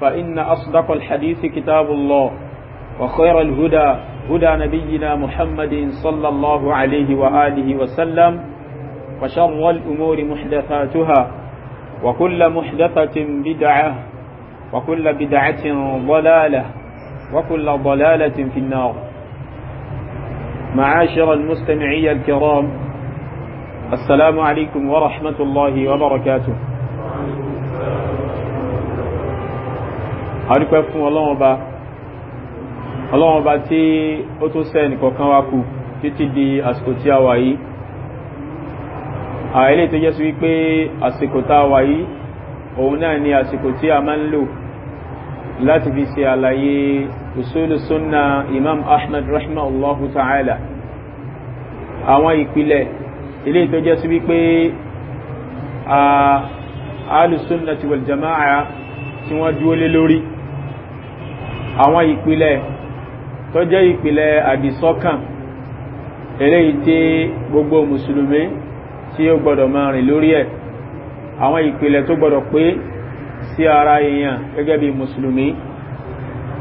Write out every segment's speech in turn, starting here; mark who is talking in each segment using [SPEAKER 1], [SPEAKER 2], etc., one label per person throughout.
[SPEAKER 1] فإن أصدق الحديث كتاب الله وخير الهدى هدى نبينا محمد صلى الله عليه وآله وسلم وشر الأمور محدثاتها وكل محدثة بدعة وكل بدعة ضلالة وكل ضلالة في النار معاشر المستمعي الكرام السلام عليكم ورحمة الله وبركاته àdúpẹ́ fún ọlọ́run ọba ọlọ́run ọba tí ó tó ṣe ẹnìkọ̀ọ̀kan wa kù títí di àsìkò tí a wà yìí àìlè tó jẹ́ sí wípé àsìkò tá a wà yìí òun náà ni àsìkò tí a máa ń lò láti fi ṣe àlàyé usulu sunna imam ahmad Allahu ta'ala àwọn ìpìlẹ̀ ilé tó jẹ́ sí wípé ahlus sunnati wal jama'a tí wọ́n dúó lé lórí àwọn ìpìlẹ̀ tó jẹ́ ìpìlẹ̀ àdìsọ́kàn eléyìí tí gbogbo mùsùlùmí tí ó gbọdọ̀ máa rìn lórí ẹ̀ àwọn ìpìlẹ̀ tó gbọdọ̀ pé sí ara èèyàn gẹ́gẹ́ bí mùsùlùmí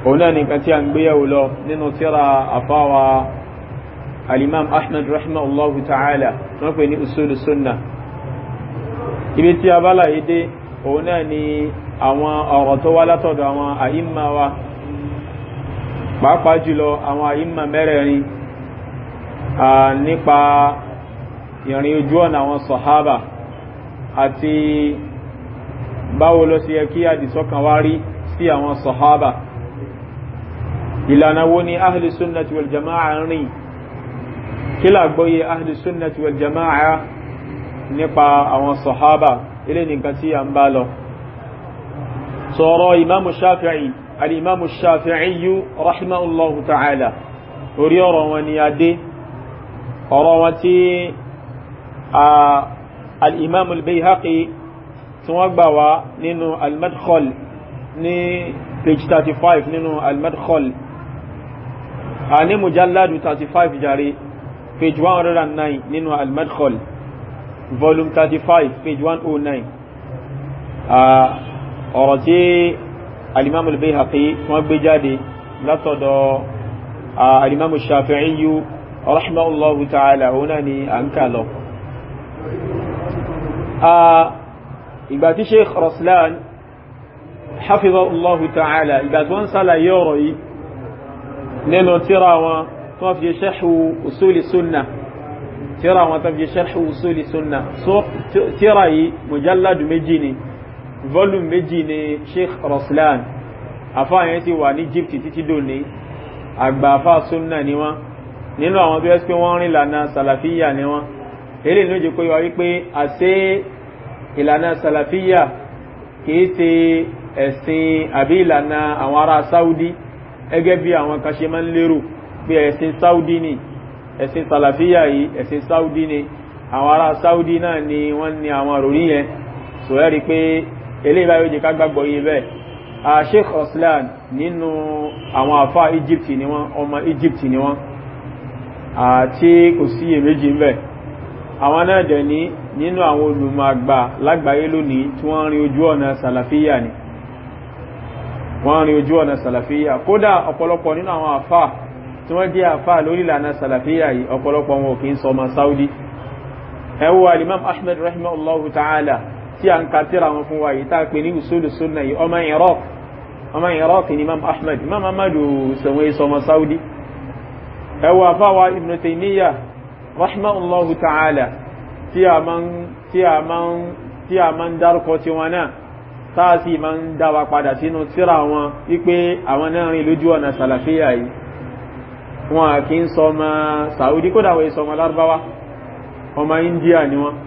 [SPEAKER 1] òun náà nìkan tí a ń gbéyàwó lọ nínú tíra àfáwà alimam ahmed rahimahullahu ta'ala wọ́n pè ní sunna ibi tí a bá ni àwọn ọ̀rọ̀ tó wá látọ̀dọ̀ àwọn àìmá wa pàápàá jùlọ àwọn àyíma mẹ́rẹ̀ẹ̀rin nípa ìrìn ojú ọ̀nà àwọn sọ̀hábà àti báwo ló sí ẹkí àdìsọ́kàn wá rí sí àwọn sọ̀hábà ìlànà wo ni ahli sunnati wal jama'a rìn kí làgbóyè ahli sunnati jama'a nípa àwọn sọ̀hábà ilé nìkan tí a ń bá lọ sọ̀rọ̀ imamu shafi'i الإمام الشافعي رحمه الله تعالى orí ọ̀rọ̀ wọn ni a dé ọ̀rọ̀ wọn tí al'imam al-bayhaqi tí wọ́n gbà wá nínú al-madkhal ní page 35 nínú al-madkhal a ní mujalladu 35 jari page 109 nínú al-madkhal volume 35 page 109 ọ̀rọ̀ tí alimamu al-Bayhaqi wọ́n gbé jáde látọ̀dọ̀ alimamu shafi'iyu rahimahullahu ta'ala òun náà ni à ń kà lọ ìgbà tí sheikh Raslan hafizahullahu ta'ala ìgbà tí wọ́n sálàyé ọ̀rọ̀ yìí nínú tíra wọn tí wọ́n fi ṣẹ́hù usuli sunna tíra wọn tí wọ́n fi ṣẹ́hù usuli sunna tíra yìí mujalladu méjì ni volume méjì ni sheikh Roslan, afa yẹn ti wà ní egypt títí dòní àgbà afa sunna ni wọn nínú àwọn tó yẹ pé wọn rìn ìlànà salafiya ni wọn èlé ní ojú pé wá wípé àṣé ìlànà salafiya kìí ṣe ẹ̀sìn àbí ìlànà àwọn ará saudi gẹ́gẹ́ bí àwọn kan ṣe máa ń lérò pé ẹ̀sìn saudi ni ẹ̀sìn salafiya yìí ẹ̀sìn saudi ni àwọn ará saudi náà ni wọ́n ní àwọn àròrí yẹn sọ ẹ́ rí pé eléyìí báyìí ó jẹ́ ká gbàgbọ́ yìí bẹ́ẹ̀ sheikh oslan nínú àwọn àfá egypt ni wọ́n ọmọ egypt ni wọ́n àti kò sí èméjì ń bẹ̀ àwọn náà dẹ̀ ní nínú àwọn olùmọ̀gbà lágbàáyé lónìí tí wọ́n rin ojú ọ̀nà sàlàfíyà ni wọ́n rin ojú ọ̀nà sàlàfíyà kódà ọ̀pọ̀lọpọ̀ nínú àwọn àfá tí wọ́n jẹ́ àfá lórí ìlànà sàlàfíyà yìí ọ̀pọ̀lọpọ̀ wọn ò kí ń sọmọ saudi ẹ alimam ahmed rahimahullahu ta'ala tí a ń ka tíra wọn fún wa yìí tá a pè ní usulu sunna yìí ọmọ iraq ọmọ iraq ni imam ahmed imam ahmadu sanwó iṣẹ́ ọmọ saudi ẹ wọ afáwa ibn taymiya rahmanullahu ta'ala tí a máa ń tí a máa ń tí a máa ń dárúkọ tiwọn náà tá a sì máa ń dá wa padà sínú tíra wọn wípé àwọn náà rìn lójú ọ̀nà sàlàfíà yìí wọn kì í sọ ọmọ saudi kódà wọ́n iṣẹ́ ọmọ lárúbáwá ọmọ india ni wọ́n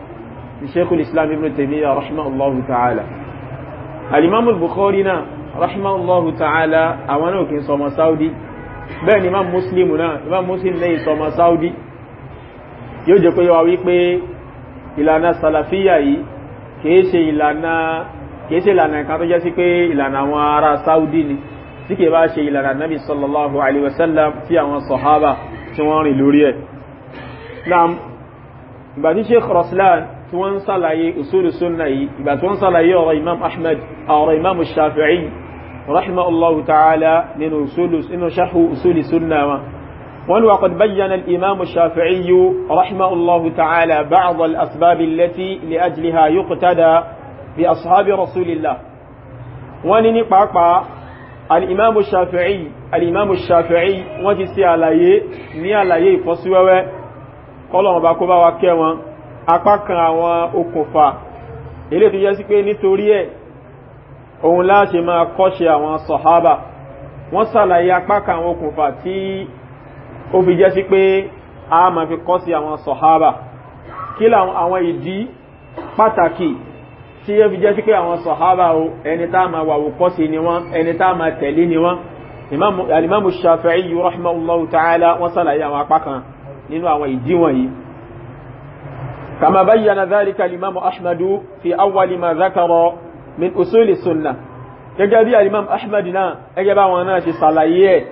[SPEAKER 1] الشيخ الإسلام ابن تيمية رحمه الله تعالى الإمام البخاري رحمه الله تعالى أوانو كي صوم سعودي بين إمام مسلم نا إمام مسلم لي صوم سعودي يوجد كي يواويك بي ìlànà sàlàfíyà yìí kìí ṣe ìlànà kìí ṣe ìlànà kan tó jẹ́ sí pé ìlànà àwọn ará Saudi ni tí kìí bá ṣe ìlànà nabi sallallahu alaihi wasallam tí àwọn sọ̀hábà tí wọ́n rìn lórí ẹ̀. Naam, ìgbà tí Sheikh Raslan tí wọ́n ń sàlàyé usulu sunna yìí ìgbà tí wọ́n ń sàlàyé ọ̀rọ̀ imam ahmed ọ̀rọ̀ imam shafi'i rahma allahu ta'ala nínú usulu inú shahu usulu sunna wa wọ́n wà qad bayyana imam shafi'i rahma allahu ta'ala ba'd al asbab li ajliha yuqtada bi ashabi rasulillah wọ́n ní pàápàá الإمام الشافعي الإمام الشافعي وجسي عليه ني عليه فسوى قالوا ما باكو با وكيوان apá kan àwọn okùnfà ilé tó yẹ sí pé nítorí ẹ̀ òun láṣe máa kọ́ṣe àwọn sọ̀hábà wọ́n sàlàyé apá kan àwọn okùnfà tí ó fi jẹ́ sí pé a máa fi kọ́ sí àwọn sọ̀hábà kí àwọn ìdí pàtàkì tí ó fi jẹ́ sí pé àwọn sọ̀hábà o ẹni tá máa wà wòkọ́ sí ni wọ́n ẹni tá máa tẹ̀lé ni wọ́n alimamu shafi'i rahimahullahu ta'ala wọ́n sàlàyé àwọn apá kan nínú àwọn ìdí wọ̀nyí كما بين ذلك الإمام أحمد في أول ما ذكر من أصول السنة gẹ́gẹ́ bí alimam ahmed náà gẹ́gẹ́ bá wọn náà ṣe ṣàlàyé ẹ̀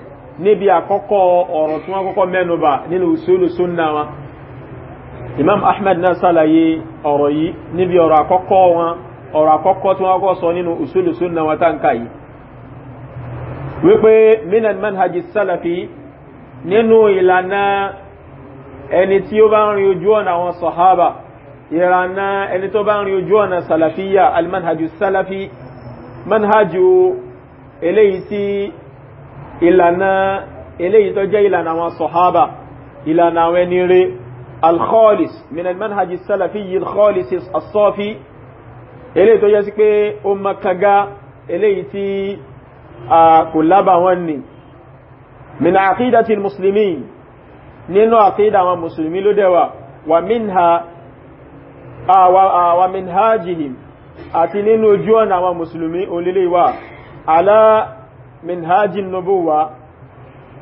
[SPEAKER 1] níbi àkọ́kọ́ ọ̀rọ̀ tí wọ́n kọ́kọ́ mẹ́nubà nínú usulu sunna wọn imam ahmed náà ṣàlàyé ọ̀rọ̀ yìí níbi ọ̀rọ̀ àkọ́kọ́ wọn ọ̀rọ̀ àkọ́kọ́ tí wọ́n sọ nínú usulu sunna wọn táǹkà yìí wípé minan manhajis salafi nínú ìlànà ẹni tí ó bá ń rin ojú ọ̀nà àwọn sọ̀hábà ìrànà ẹni tó bá ń rin ojú ọ̀nà sàlàfíyà almanhajù sàlàfí manhajù eléyìí tí ìlànà eléyìí tó jẹ́ ìlànà àwọn sọ̀hábà ìlànà àwọn ẹni rẹ̀ alkholis min almanhajù sàlàfí muslimin nínú àkídà àwọn mùsùlùmí ló dẹ̀wà wà min ha jihim àti nínú ojú ọ̀nà àwọn mùsùlùmí olílé wà alá min ha jin nubó wà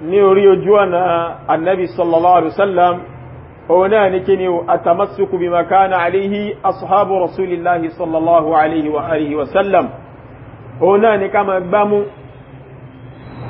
[SPEAKER 1] ní orí ojú ọ̀nà annabi sallallahu alaihi wasallam òun náà ní kíni àtàmásùkù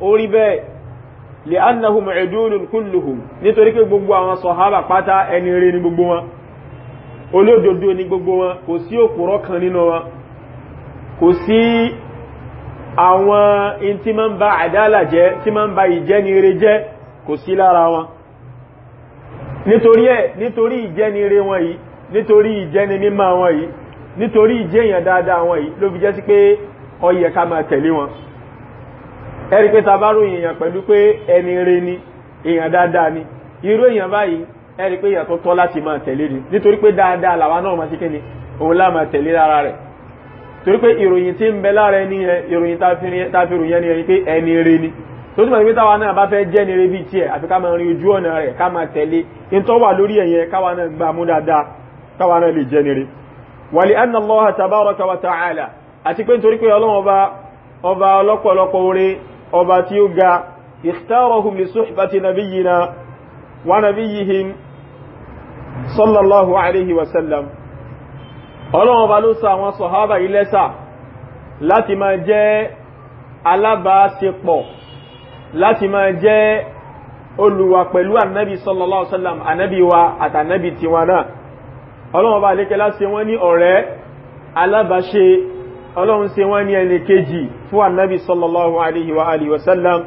[SPEAKER 1] orí bẹ́ẹ̀ lè annahum ẹ̀dùnún kulluhum nítorí pé gbogbo àwọn sọ̀hábà pátá ẹni rí ni gbogbo wọn olódodo ni gbogbo wọn kò sí òpùrọ́ kan nínú wọn kò sí àwọn in tí ma ń ba àdálà jẹ́ tí ba ìjẹ́nire jẹ́ kò sí lára wọn nítorí ẹ̀ nítorí ìjẹ́nire wọn yìí nítorí ìjẹ́ni wọn yìí nítorí ìjẹ́yàn dáadáa wọn yìí ló fi ẹ̀rí pé tabaru èèyàn pẹ̀lú pé ẹni re ni èèyàn dáadáa ni irú èèyàn báyìí ẹ̀rí pé èèyàn tó tọ́ láti máa tẹ̀lé ni nítorí pé dáadáa làwa náà máa ṣe kí ni òun láà máa tẹ̀lé lára rẹ̀ torí pé ìròyìn tí ń bẹ lára ẹni yẹn ìròyìn pé ẹni re ni tó túnmọ̀ pé táwa náà bá fẹ́ jẹ́ ni re tiẹ̀ àfi ká máa rin ojú ọ̀nà rẹ̀ ká máa ọba tí ó ga ikhtarahum li suhbati nabiyyina wa nabiyyihim sallallahu alaihi wasallam ọlọ́run ọba ló sa àwọn sọ̀hábà ilẹ́sà láti máa jẹ́ alábàáṣepọ̀ láti máa jẹ́ olùwà pẹ̀lú annabi sallallahu wasallam annabi wa àtànnabi tiwọn náà ọlọ́run ọba wọ́n ní ọ̀rẹ́ alábàáṣe ọlọ́run ṣe wọ́n ní ẹni kejì fún annabi sallallahu alaihi wa alihi wasallam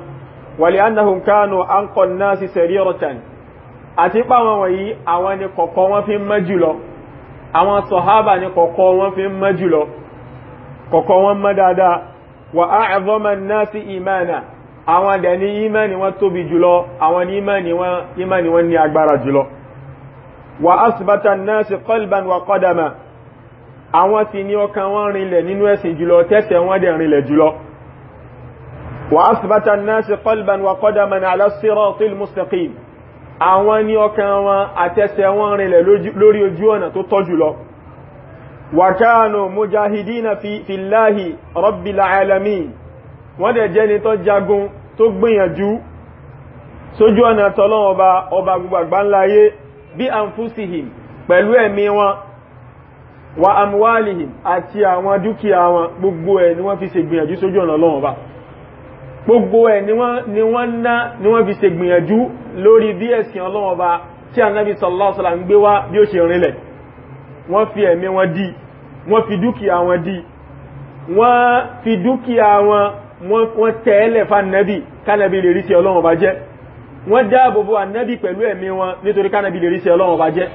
[SPEAKER 1] wàlẹ̀ annahun kánù an kọ̀nà sí sẹ̀ríọ̀tàn àti pàwọn wọ̀nyí àwọn ni kọ̀kọ́ wọn fi ń mẹ́ àwọn sọ̀hábà ni kọ̀kọ́ wọn fi ń mẹ́ kọ̀kọ́ wọn mẹ́ dáadáa wà á ẹ̀zọ́mọ̀ náà sí ìmánà àwọn dẹ̀ ní ìmánì wọn tóbi jùlọ àwọn ní ìmánì wọn ní agbára jùlọ wà á sì bàtà náà sí kọ́lban wà kọ́dàmà àwọn ti ní ọkàn wọn rinlẹ̀ nínú ẹ̀sìn jùlọ tẹ́sẹ̀ wọn dẹ̀ rinlẹ̀ jùlọ wa asbata an-nas qalban wa qadaman ala as-siratil mustaqim àwọn ní ọkàn wọn àtẹ́sẹ̀ wọn rinlẹ̀ lórí ojú ọ̀nà tó tọ́ jùlọ wa kanu mujahidina fi fillahi rabbil alamin wọ́n dẹ̀ jẹ́ wa amwalihim ati àwọn dúkìá wọn gbogbo ẹ̀ ni wọ́n fi ṣe gbìyànjú sójú ọ̀nà Ọlọ́run bá gbogbo ẹ̀ ni wọ́n na ni wọ́n fi ṣe gbìyànjú lórí bí ẹ̀sìn Ọlọ́run bá tí Ànábì sallallahu alaihi wasallam ń gbé wá bí ó ṣe rinlẹ̀ wọ́n fi ẹ̀mí wọn dí wọ́n fi dúkìá wọn dí wọ́n fi dúkìá wọn wọ́n tẹ́ẹ̀lẹ̀ fánàbì kánàbì lè rí sí Ọlọ́run bá jẹ́ wọ́n dáàbòbò ànábì pẹ̀lú ẹ̀mí wọn nítorí kánàbì lè rí sí Ọlọ́run bá jẹ́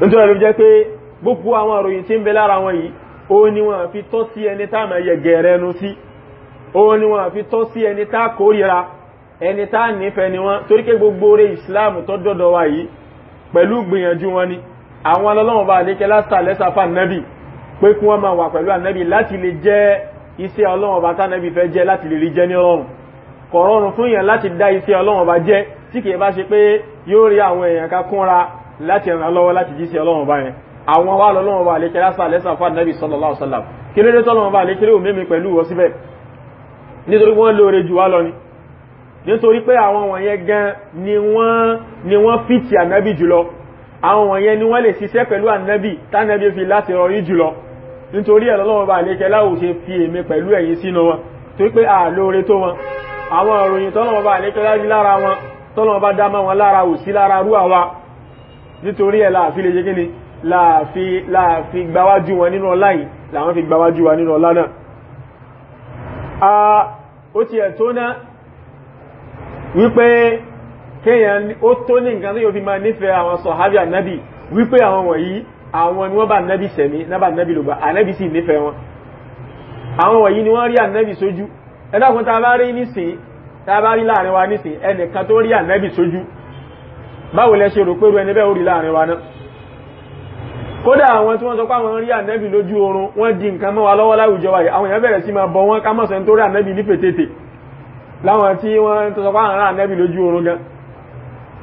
[SPEAKER 1] nítorí ló jẹ́ pé gbogbo àwọn àròyìn tí ń bẹ lára wọn yìí ó ní wọn fi tọ́ sí ẹni tá máa yẹgẹ rẹ nu sí ó ní wọn fi tọ́ sí ẹni tá kórìíra ẹni tá nífẹ̀ẹ́ ni wọn torí pé gbogbo oore islam tó dọ́dọ̀ wa yìí pẹ̀lú gbìyànjú wọn ni àwọn ọlọ́wọ́n bá àdékẹ́ lásà lẹ́sà fún ànábì pé kí wọ́n máa wà pẹ̀lú ànábì láti lè jẹ́ iṣẹ́ ọlọ́wọ́n bá tánábì fẹ́ jẹ́ láti lè rí jẹ́ ní ọrọ̀rùn kọ̀rọ̀rùn fún èèyàn láti dá iṣẹ́ ọlọ́wọ́n bá jẹ́ tí kìí bá ṣe pé yóò rí àwọn èèyàn ká kúnra láti ràn lọ́wọ́ láti jíṣẹ́ ọlọ́wọ́n bá yẹn àwọn wà lọ́lọ́wọ́ bá lékẹ́ lásà lẹ́sà fún ànábì sallallahu alaihi wasallam kí ló dé tọ́lọ́wọ́ bá lékẹ́ lóò mímí pẹ̀lú wọ síbẹ̀ nítorí wọ́n lóore jù wá lọ ni nítorí pé àwọn wọ̀nyẹn gan ni wọ́n ni wọ́n fìtì ànábì jùlọ àwọn wọ̀nyẹn ni wọ́n lè ṣiṣẹ́ pẹ̀lú ànábì tánábì fi láti rọrí jùlọ nítorí ẹ̀ lọ́lọ́wọ́ bá lékẹ́ láwò ṣe fi èmi pẹ̀lú ẹ̀yin sínú wọn torí pé à lóore tó wọn àwọn ìròyìn tọ́lọ́wọ́ bá lékẹ́ lára wọn tọ́lọ́wọ́ bá dá mọ́ wọn lára ò sí lára rú àwa nítorí ẹ̀ láàfin lè ṣe kí ni láàfi láàfi gbáwájú wọn nínú ọlá yìí fi gbáwájú wa nínú ọlá náà a ó ti ẹ̀ tó ná wípé kéèyàn ó tó ní nǹkan tó yóò fi máa nífẹ̀ẹ́ àwọn sọ̀hábì ànábì wípé àwọn wọ̀nyí àwọn ni wọ́n bá ànábì sẹ̀mí nábà ànábì lògbà ànábì sì nífẹ̀ẹ́ wọn àwọn a bá rí nísìn tá a bá rí láàrin wa nísìn ẹnìkan tó rí ànábì sójú báwo lẹ ṣe rò pé ru ẹni bẹ́ẹ̀ ó rí kódà àwọn tí wọ́n sọ páwọn rí ànẹ́bì lójú oorun wọ́n di nǹkan mọ́ wa lọ́wọ́ láwùjọ wa àwọn èèyàn bẹ̀rẹ̀ sí máa bọ wọ́n ká mọ̀sẹ̀ nítorí ànẹ́bì ní pètètè láwọn tí wọ́n tó sọ páwọn rí ànẹ́bì lójú oorun gan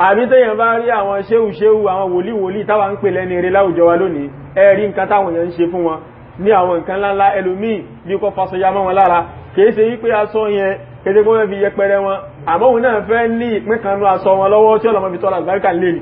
[SPEAKER 1] àbí tẹ́yàn bá rí àwọn ṣéhù ṣéhù àwọn wòlíì wòlíì táwa ń pè lẹ́ni eré láwùjọ wa lónìí ẹ rí nǹkan táwọn èèyàn ń ṣe fún wọn ní àwọn nǹkan ńláńlá ẹlòmíì bí kò fasọyá mọ́ wọn lára kìí ṣe wípé aṣọ yẹn kété kó fẹ́ fi yẹpẹrẹ wọn àmọ́ òun náà fẹ́ ní ìpín kan nú aṣọ wọn lọ́wọ́ tí ọlọ́mọ fi tọ́ra àgbáríkà lé ni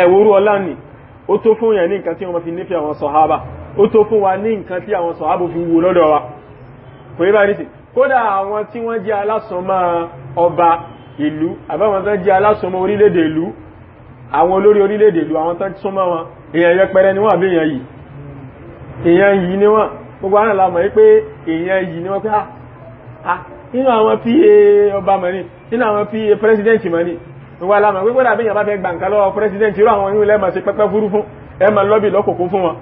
[SPEAKER 1] ẹ̀wòrú ọlá ni ó tó fún yẹn ní nǹkan tí wọ́n fi nífẹ̀ẹ́ àwọn sọ̀hábà ó tó fún wa ní nǹkan tí àwọn sọ̀hábà fi wo lọ́dọ̀ wa kò yí bá rí sí kódà àwọn tí wọ́n jẹ́ alásọmọ ọba ìlú àbáwọn tán jẹ́ alásọmọ orílẹ̀-èdè ìlú àwọn olórí orílẹ̀-èdè ìlú àwọn tán súnmọ́ wọn èèyàn yẹpẹrẹ ni wọ́n ni wọ́n gbogbo àwọn àlàmọ̀ ni wíwá lámà wíwá làbí ìyàbá fẹ́ gbà nǹkan lọ́wọ́ president irú àwọn onílẹ̀ mọ̀ sí pẹ́pẹ́ fúrú fún ẹ mọ̀ lọ́bì lọ́kòkó fún wọn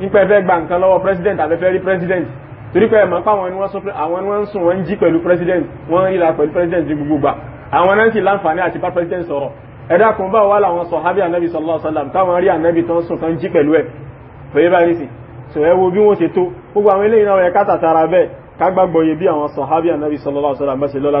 [SPEAKER 1] nípa ẹ fẹ́ gbà nǹkan lọ́wọ́ president àfẹ́fẹ́ rí president torí pé ẹ mọ̀ páwọn ẹni wọ́n sùn wọ́n jí pẹ̀lú president wọ́n ríra pẹ̀lú president ju gbogbo gbà àwọn náà sì láǹfààní àti bá president sọ̀rọ̀ ẹ̀dá kan bá wà láwọn sọ̀hábì ànábì sallallahu alaihi wasallam táwọn rí ànábì tán sùn tán jí pẹ̀lú ẹ̀ pẹ̀lú bá rí sí so ẹ wo bí wọ́n ṣe tó gbogbo àwọn eléyìí náà ẹ̀ kátàtàrà bẹ́ẹ̀ kágbàgbọ́ yẹ bí àwọn sọ̀hábì sallallahu alaihi wasallam bá ṣe lọ́lá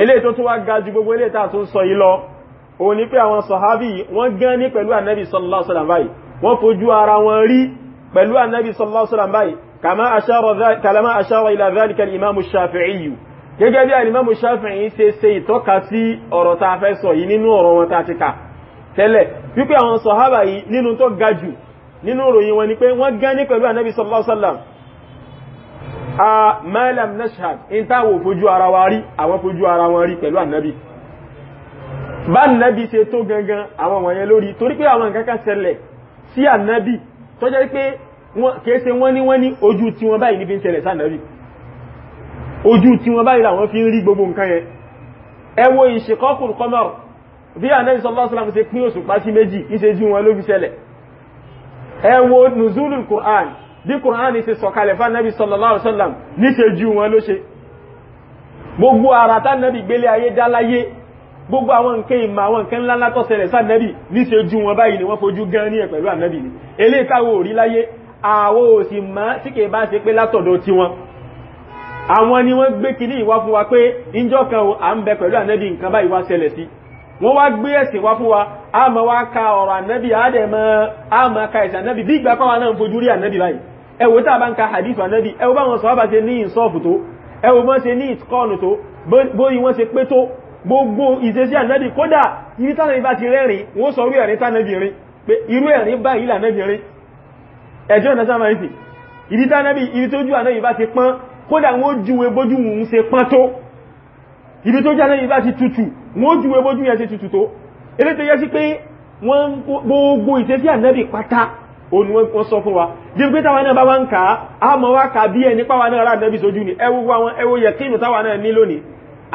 [SPEAKER 1] eléyìí tó tún wá ga ju gbogbo eléyìí tá a tún sọ yìí lọ òun ni pé àwọn sọ̀hábì wọ́n gán ní pẹ̀lú ànábì sallallahu alaihi wasallam báyìí wọ́n fojú ara wọn rí pẹ̀lú ànábì sallallahu alaihi wasallam báyìí kàmá ashara ila dhalika al-imamu shafi'i gẹ́gẹ́ bí alimamu shafi'i ṣe ṣe ìtọ́ka sí ọ̀rọ̀ tá malam nashhad in táwọn fojú ara wa rí àwọn fojú ara wọn rí pẹ̀lú ànábì bá ànábì ṣe tó gangan àwọn wọ̀nyẹn lórí torí pé àwọn nǹkan kan ṣẹlẹ̀ sí ànábì tó jẹ́ pé kèése wọ́n ní wọ́n ní ojú tí wọ́n báyìí níbi ń sí ànábì ojú tí wọ́n báyìí làwọn fi ń rí gbogbo nǹkan yẹn ẹ ìṣekọ́kùn kọmọrù bí ànábì sallallahu alaihi wasallam ṣe pín òṣùpá sí méjì ìṣejú wọn ló fi ṣẹlẹ̀ ẹ nùzúlù Qur'an bí kùránì ṣe sọ̀kalẹ̀ fún anábì sallallahu alaihi wasallam níṣe ju wọn ló ṣe gbogbo ara tá nábì gbélé ayé dáláyé gbogbo àwọn nǹkan ìmọ̀ àwọn nǹkan ńláńlá tó ṣẹlẹ̀ sánábì níṣe ju wọn báyìí ni wọ́n fojú gan ní ẹ̀ pẹ̀lú anábì ni eléyìí táwọn ò rí láyé àwọn ò sì mọ̀ tí kìí bá ṣe pé látọ̀dọ̀ tiwọn àwọn ni wọ́n gbé kinní ìwá fún wa pé ìjọ kan à ń bẹ pẹ̀lú anábì nǹkan báyìí wá ṣẹlẹ̀ sí wọ́n wá gbé ẹ̀sìn wá fún wa a máa wá ka ọ̀rọ̀ ànábì àádẹ́mọ́ a máa ka ẹ̀sìn ànábì bí ìgbà pàwọn náà ń fojú rí ànábì báyìí ẹ wò tá a bá ń ka hadith ànábì ẹ wò bá wọn sàhábà ṣe ní ìsọ́ọ̀fù tó ẹ wò wọ́n ṣe ní ìtkọ́nù tó bóyí wọ́n ṣe pé tó gbogbo ìṣesí ànábì kódà ibi tánàbì bá ti rẹ́rìn wọ́n sọ ibi tó jálẹ̀ ìbá ti tutù wọ́n júwe bójú yẹn ti tutù tó ilé tó yẹ sí pé wọ́n gbogbo ìtẹ́sí ànẹ́bì pátá òun wọ́n sọ fún wa jẹ́ pé táwa náà bá wá ń kà á mọ̀ wá kà bí ẹni páwa náà rà ànẹ́bì sójú ni ẹwọ́ wọn ẹwọ́ yẹ kí inú táwa náà ní lónìí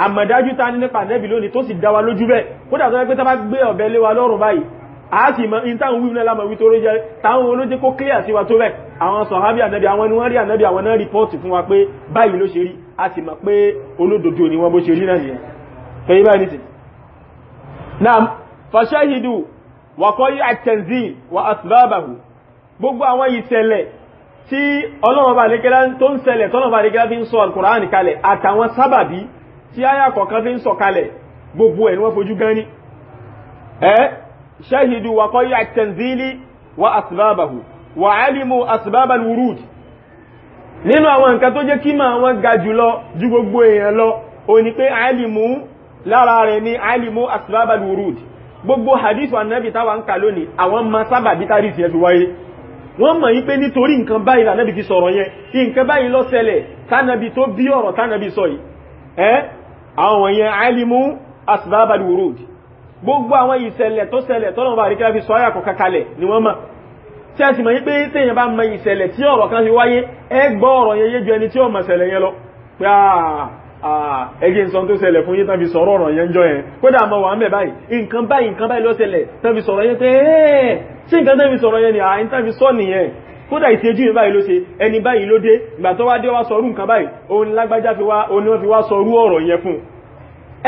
[SPEAKER 1] àmọ̀dájú ta ní nípa ànẹ́bì lónìí tó sì dá wa lójú bẹ́ẹ̀ kódà tó yẹ pé táwa gbé ọ̀bẹ lé wa lọ́rùn báyìí a sì mọ in táwọn wíwú náà a sì mọ̀ pé olódodo ni wọ́n bó ṣe rí náà yẹn tó yí bá ní sí náà fàṣẹ́hìdù wàkọ́yí àtẹ̀nzí wà àtìbábàhù gbogbo àwọn ìṣẹ̀lẹ̀ tí ọlọ́mọba àdékẹ́lá tó ń ṣẹlẹ̀ tọ́lọ́mọba àdékẹ́lá fi ń sọ alkùnránì kalẹ̀ àtàwọn sábàbí tí àyà kọ̀ọ̀kan fi ń alimu asbab alwurud nínú àwọn nǹkan tó jẹ́ kí ma wọ́n ga jùlọ ju gbogbo èèyàn lọ ó ní pé alimu lára rẹ̀ ni alimu asbabal wurud gbogbo hadith annabi táwa ń kà lónìí àwọn ma sábà bí tàrí ti ẹfi wáyé wọ́n mọ̀ wípé nítorí nǹkan báyìí lànàbì fi sọ̀rọ̀ yẹn nǹkan báyìí ló ṣẹlẹ̀ tánàbì tó bí ọ̀rọ̀ tánàbì sọ yìí ẹ́ àwọn yẹn alimu asbabal wurud gbogbo àwọn ìṣẹ̀lẹ̀ tó ṣẹlẹ̀ tọ́nà bá rí kí wọ́n fi sọ àyàkọ̀ kakalẹ̀ ni wọ́n mọ̀ tẹ́sì mọ̀ yín pé téèyàn bá mọ ìṣẹ̀lẹ̀ tí ọ̀rọ̀ kan fi wáyé ẹ gbọ́ ọ̀rọ̀ yẹn yé ju ẹni tí ó mọ̀ ṣẹlẹ̀ yẹn lọ pé ah, ah, ẹgbẹ́ nǹkan tó ṣẹlẹ̀ fún yín tán fi sọ̀rọ̀ ọ̀rọ̀ yẹn jọ yẹn kódà mọ̀ wà ń bẹ̀ báyìí nǹkan báyìí nǹkan báyìí ló ṣẹlẹ̀ tán fi sọ̀rọ̀ yẹn pé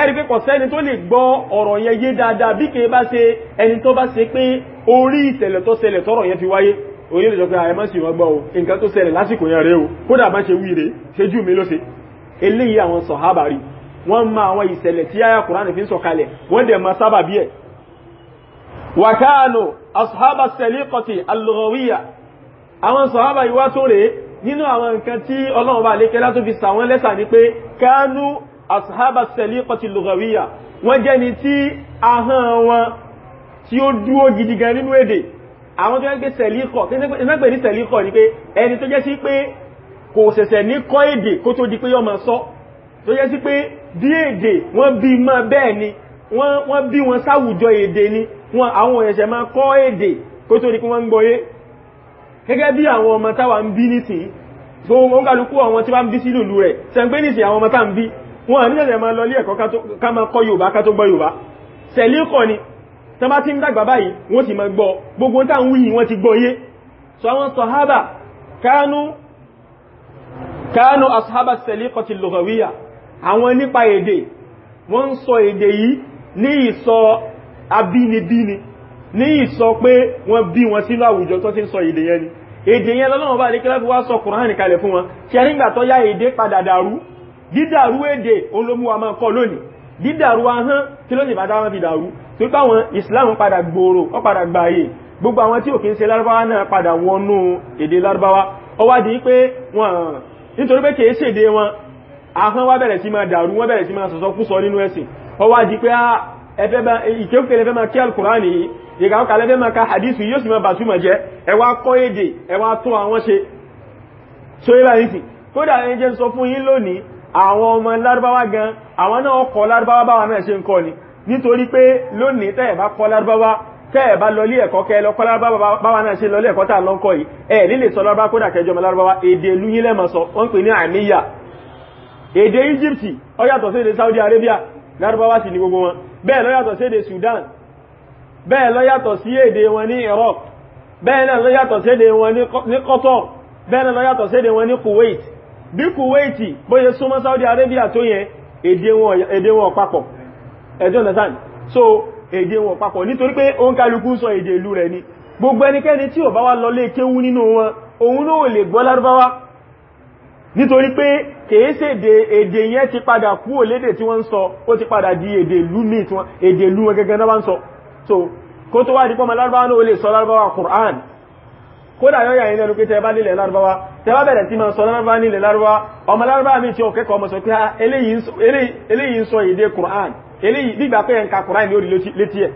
[SPEAKER 1] ẹ̀rí pé kò sẹ́ni tó lè gbọ́ ọ̀rọ̀ yẹn yé dáadáa bí kìí bá ṣe ẹni tó bá ṣe pé orí ìṣẹ̀lẹ̀ tó ṣẹlẹ̀ tọ́rọ̀ yẹn fi wáyé orí lè sọ pé àyẹ̀mọ́ ah, sì wọ́n gbọ́ o nǹkan tó ṣẹlẹ̀ lásìkò yẹn rèé o kódà bá ṣe wí rèé ṣe jù mí ló ṣe eléyìí àwọn sọ̀hábà rí wọ́n ma àwọn ìṣẹ̀lẹ̀ tí àyà kùránì fi ń sọ̀kalẹ̀ wọ́n dẹ̀ ma sábà bí ẹ̀ wàkáànù asọ̀hábà sẹ̀lẹ́kọ̀tì alùrọ̀wíyà àwọn sọ̀hábà ìwá tó rèé nínú àwọn nǹkan tí ọlọ́run bá lékẹ́lá tó fi sàwọn lẹ́sà ní pé kánú ashaba saliqati lughawiyya wọ́n jẹ́ ni tí ahọ́n wọn tí ó dúró gidi gan nínú èdè àwọn tó jẹ́ sẹ̀líkọ̀ ìnágbè ní sẹ̀líkọ̀ ni pé ẹni tó jẹ́ sí pé kò ṣẹ̀ṣẹ̀ ní kọ́ èdè kó tó di pé yọ́ máa sọ tó jẹ́ sí pé bí èdè wọ́n bí mọ́ bẹ́ẹ̀ ni wọ́n bí wọn sáwùjọ èdè ni wọn àwọn ẹ̀ṣẹ̀ máa kọ́ èdè kó tó di pé wọ́n ń gbọ́yé gẹ́gẹ́ bí àwọn ọmọ táwa ń bí nìsín tó wọ́n kálukú àwọn tí wọ́n ń bí sílùlù rẹ̀ sẹ́ńgbé nìsín àwọn ọmọ táà ń bí wọn ní ẹ̀rẹ̀ ma lọ lé ẹ̀kọ́ ká ma kọ́ Yorùbá ká tó gbọ́ Yorùbá tẹ̀lé kọ́ ni tán bá ti ń dàgbà báyìí wọ́n ti ma gbọ́ gbogbo tá ń wíyìn wọ́n ti gbọ́ yé so àwọn sọ̀hábà kánú asáhábà tẹ̀lé kọ́ ti lọ́gọ̀wíyà àwọn nípa èdè wọ́n sọ èdè yìí ní ìsọ abínibíni ní ìsọ pé wọ́n bí wọn sínú àwùjọ tó ti ń sọ èdè yẹn ni èdè yẹn lọ́lọ́wọ́ bá ní kí láti wá sọ Kùránì kalẹ̀ fún wọn kí ẹ̀rígbà tó yá èdè padà dàrú dídàrú èdè olómúwa máa kọ lónìí dídàrú ahán kí lónìí bàdá wọn fi dàrú tó pé àwọn Islam padà gbòòrò ó padà gbààyè gbogbo àwọn tí òkè ń ṣe lárúbáwá náà padà wọnú èdè lárúbáwá ó wá di pé wọn nítorí pé kìí ṣèdè wọn ahán wá bẹ̀rẹ̀ sí máa dàrú wọ́n bẹ̀rẹ̀ sí máa sọ̀sọ́ kú sọ nínú ẹ̀sìn ó wá di pé ah, ìkéwùkẹ́ lẹ́fẹ́ máa kí alkùránì yìí ìgbà ọkà máa ka hadith yóò sì máa bàtúmọ̀ jẹ́ ẹ wá kọ́ èdè ẹ wá tún àwọn ṣe so yíba yìí sì kódà ẹjẹ́ sọ fún yín lónìí àwọn ọmọ lárúbáwá gan àwọn náà kọ lárúbáwá báwa náà ṣe ń kọ́ ni nítorí pé lónìí tẹ́ẹ̀ bá kọ lárúbáwá tẹ́ẹ̀ bá lọlé ẹ̀kọ́ kẹ́ lọ kọ́ lárúbáwá báwa náà ṣe lọlé ẹ̀kọ́ tà lọ ń kọ́ yìí ẹ̀ lílè Saudi Arabia lárúbáwá sì ni gbogbo wọn bẹ́ẹ̀ Sudan bẹ́ẹ̀ ló yàtọ̀ sí èdè wọn ní Iraq bẹ́ẹ̀ náà ló Kuwait bí Kuwaiti bó ṣe súnmọ́ Saudi Arabia tó yẹn èdè wọn papọ̀ ẹjọ́ understand so èdè wọn papọ̀ nítorí pé ó ń kálukú sọ èdè ìlú rẹ̀ ni gbogbo ẹnikẹ́ni tí ò bá wá lọ lé kéwú nínú wọn òun ló lè gbọ́ lárúbáwá nítorí pé kèése èdè yẹn ti padà kú òlédè tí wọ́n ń sọ ó ti padà di èdè ìlú ní èdè ìlú wọn gẹ́gẹ́ náà bá ń sọ so kó tó wá di pọ́mọ lárúbáwá náà ó lè sọ lárúbáwá Qur'an kódà yọ́ yà ilẹ̀ olùkẹ́ tẹ́bá nílẹ̀ lárúbáwá tẹ́bá bẹ̀rẹ̀ tí ma sọ lárúbá nílẹ̀ lárúbá ọmọ lárúbá mi tí ó kẹ́kọ̀ọ́ mọ̀ sọ pé ah, eléyìí ń sọ èdè kùrán eléyìí bí ìgbàpẹ́ ẹ̀ǹkà kùrán lórí létí ẹ̀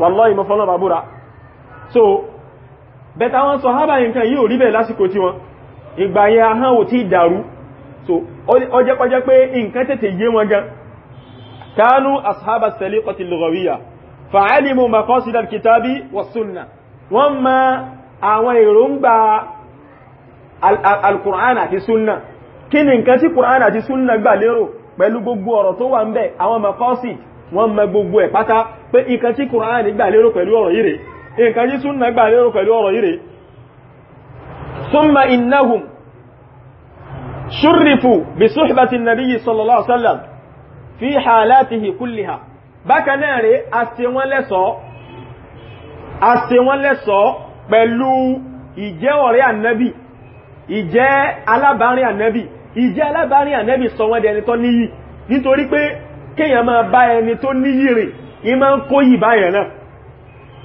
[SPEAKER 1] wallahi mo fọ́nà bàbúra so bẹ́ta wọn sọ hábà nǹkan yìí ò rí bẹ́ẹ̀ lásìkò tí so ó jẹ́ kọjẹ́ pé nǹkan tètè yé wọn gan kánú ashabas saliqati lughawiyya fa'alimu maqasida wọ́n máa àwọn èròǹgbà alkùrán àti súnnà kí ni nǹkan tí kùrán àti súnnà gbà lérò pẹ̀lú gbogbo ọ̀rọ̀ tó wà ń bẹ̀ àwọn makọ́sì wọ́n mọ gbogbo ẹ̀ pátá pé nǹkan tí kùrán gbà lérò pẹ̀lú ọ̀rọ̀ yìí rẹ̀ nǹkan tí súnnà gbà lérò pẹ̀lú ọ̀rọ̀ yìí rẹ̀ summa innahum شرفوا بصحبة النبي صلى الله عليه pẹ̀lú ìjẹ́ ọ̀rẹ́ ànẹ́bì ìjẹ́ alábárin ànẹ́bì ìjẹ́ alábárin ànẹ́bì sọ wọ́n dẹni tó níyì nítorí pé kéèyàn máa bá ẹni tó níyì rìn ìmá ń kó yìí báyẹ̀ náà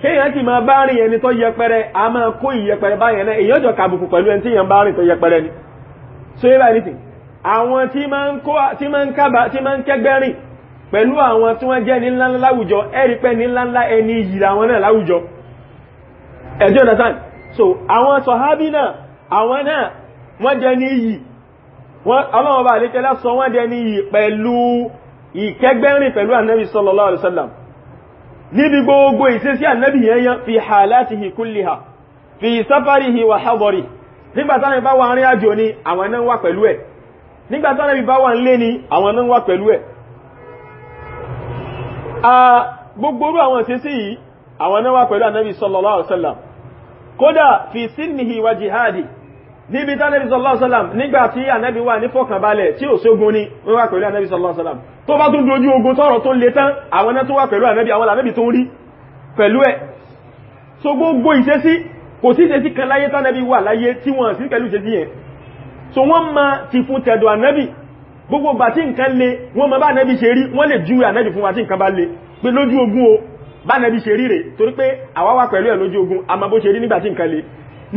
[SPEAKER 1] kéèyàn ti máa bá rìn ẹni tó yẹpẹrẹ a máa kó yìí yẹpẹrẹ báyẹ̀ náà èyàn jọ kàbùkù pẹ̀lú ẹni tí yẹn bá rìn tó yẹpẹrẹ ni so yẹ́ báyìí nìtì àwọn tí máa ń kẹ́gbẹ́ rìn pẹ̀lú àwọn tí wọ́n jẹ́ ní ńláńlá láwùjọ ẹ̀rí pẹ́ ní ńláńlá ẹni yìí làwọn náà láwùjọ ẹjọ́ understand so àwọn sọ̀hábí náà àwọn náà wọ́n jẹ ní iyì ọlọ́wọ́ bá lékẹ́lá sọ wọ́n jẹ ní iyì pẹ̀lú ìkẹgbẹ́rin pẹ̀lú ànábì sallallahu alaihi wasallam níbi gbogbo ìṣesí ànábì yẹnyẹn fi halatihi kulliha fi safarihi wa hadari nígbàtánà bí bá wà rìn àjò ni àwọn náà wà pẹ̀lú ẹ̀ nígbàtánà bí bá wà nílé ni àwọn náà wà pẹ̀lú ẹ̀ ah, gbogbo orú àwọn ìṣesí yìí àwọn náà wà pẹ̀lú ànábì sallallahu alaihi wasallam kódà fi sínìhì wa jihadi níbi tí anẹ́bí sallallahu alaihi wasallam nígbà tí anẹ́bí wà ní fọkànbalẹ̀ tí ò sógun ní wọ́n wà pẹ̀lú anẹ́bí sallallahu alaihi wasallam tó bá tún dojú ogun tọ́rọ tó lè tán àwọn ẹni tó wà pẹ̀lú anẹ́bí àwọn anẹ́bí tó ń rí pẹ̀lú ẹ̀ so gbogbo ìṣesí kò sí ìṣesí kan láyé tánẹ́bí wà láyé tí wọ́n sí pẹ̀lú ìṣesí yẹn so wọ́n ma ti fún tẹ̀dọ̀ anẹ́bí gbogbo bàtí nǹkan le wọ́n ma bá anẹ́bí ṣe rí wọ́n lè ju anẹ́bí fún bàtí nǹkan bá le pé lójú ogun o bánàbí ṣe ríre torí pé àwa wà pẹ̀lú ẹ̀ lójú ogun àmọ́ bó ṣe rí nígbà tí nǹkan le